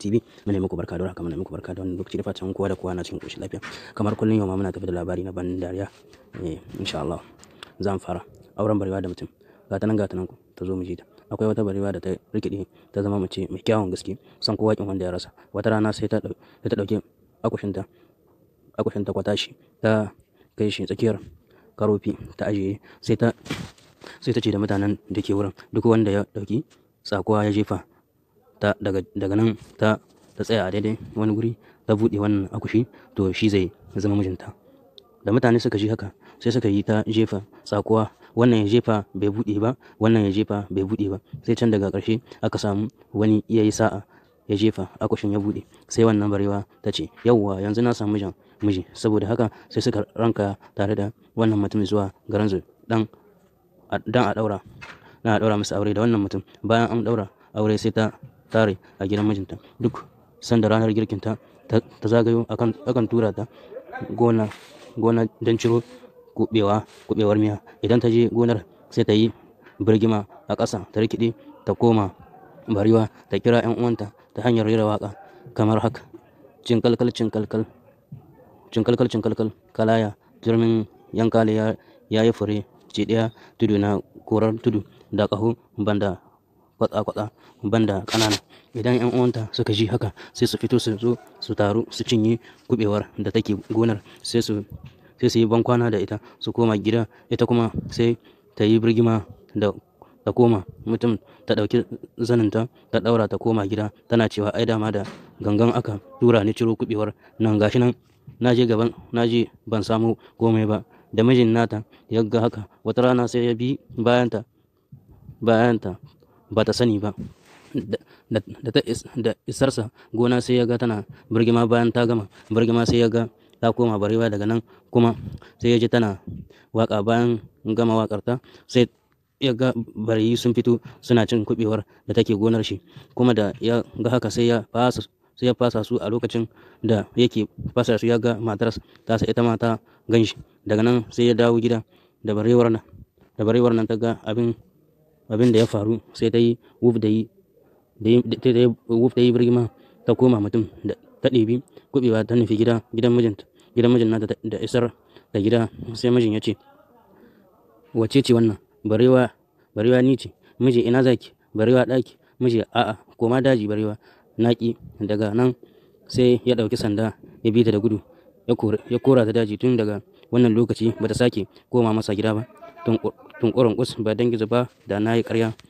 TV muna muku barka da warhaka muna muku barka da wannan lokaci da fatan kowa da kowa na cikin koshin lafiya kamar kullum yau ma muna tafi da labari na ban dariya eh insha Allah zan fara auren barewa da mutum gata nan gata nan ku ta zo mu ji ta akwai wata barewa da ta rikide ta zama mace mai kyawun gaske san kowa kin wanda ya rasa wata rana sai ta ta dauke akushinta akushinta kwata shi ta kai shi tsakiyar karofi ta ajiye sai ta sai ta ce da mutanen da ke wurin duk wanda ya dauki tsakuwa ya jefa ta daga nan ta ta tsaya a daidai wani guri ta buɗe wannan akushi to shi zai zama mijinta da mutane suka ji haka sai suka yi ta jefa tsakuwa wannan ya jefa bai buɗe ba wannan ya jefa bai buɗe ba sai can daga ƙarshe aka samu wani iya yi sa'a ya jefa akushin ya buɗe sai wannan barewa ta ce yauwa yanzu na samu mijin miji saboda haka sai suka ranka tare da wannan mutum zuwa garin zu dan a daura na daura musu aure da wannan mutum bayan an daura aure sai ta tare a gidan mijinta duk sanda ranar girkin ta zagayo akan tura ta gona gona don ciro kubewar miya idan ta je gonar sai ta yi birgima a ƙasa ta rikide ta koma bariwa ta kira 'yan uwanta ta hanyar rera waka kamar haka cinkalkal cinkalkal kalaya jirmin yankali ya yi fure ce ɗaya tudu na korar tudu da ƙaho banda kwatsa-kwatsa da ƙanana idan yan uwanta suka ji haka sai su fito su zo su taru su cinye kubewar da take gonar sai su sai su yi bankwana da ita su koma gida ita kuma sai ta yi birgima da ta koma mutum ta ɗauki zaninta ta ɗaura ta koma gida tana cewa ai dama da gangan aka tura ni ciro kubewar nan gashi nan na je gaban na je ban samu komai ba da mijin nata ya ga haka wata rana sai ya bi bayanta ba ta sani ba da isarsa gona sai ya ga tana birgima bayan ta gama birgima sai ya ga ta koma barewa daga nan kuma sai ya ji tana waka bayan gama wakarta sai ya ga bari sun fito suna cin kubewar da take gonar shi kuma da ya ga haka sai ya fasa sai ya fasa su a lokacin da yake fasa su ya ga matar ta sa ita ma ta ganshi daga nan sai ya dawo gida da barewar nan da barewar nan ta ga abin abin da ya faru sai ta yi wuf da yi wuf da yi birgima ta koma mutum ta ɗebi kuɓewa ta nufi gida gidan mijin gidan mijin nata da isar da gida sai mijin ya ce wace ce wannan barewa barewa ni ce miji ina zaki barewa ɗaki miji a'a koma daji barewa naki daga nan sai ya ɗauki sanda ya bi ta da gudu ya kora ta daji tun daga wannan lokaci ba ta sake koma masa gida ba tunkurin us ba dangi zuba da na yi ƙarya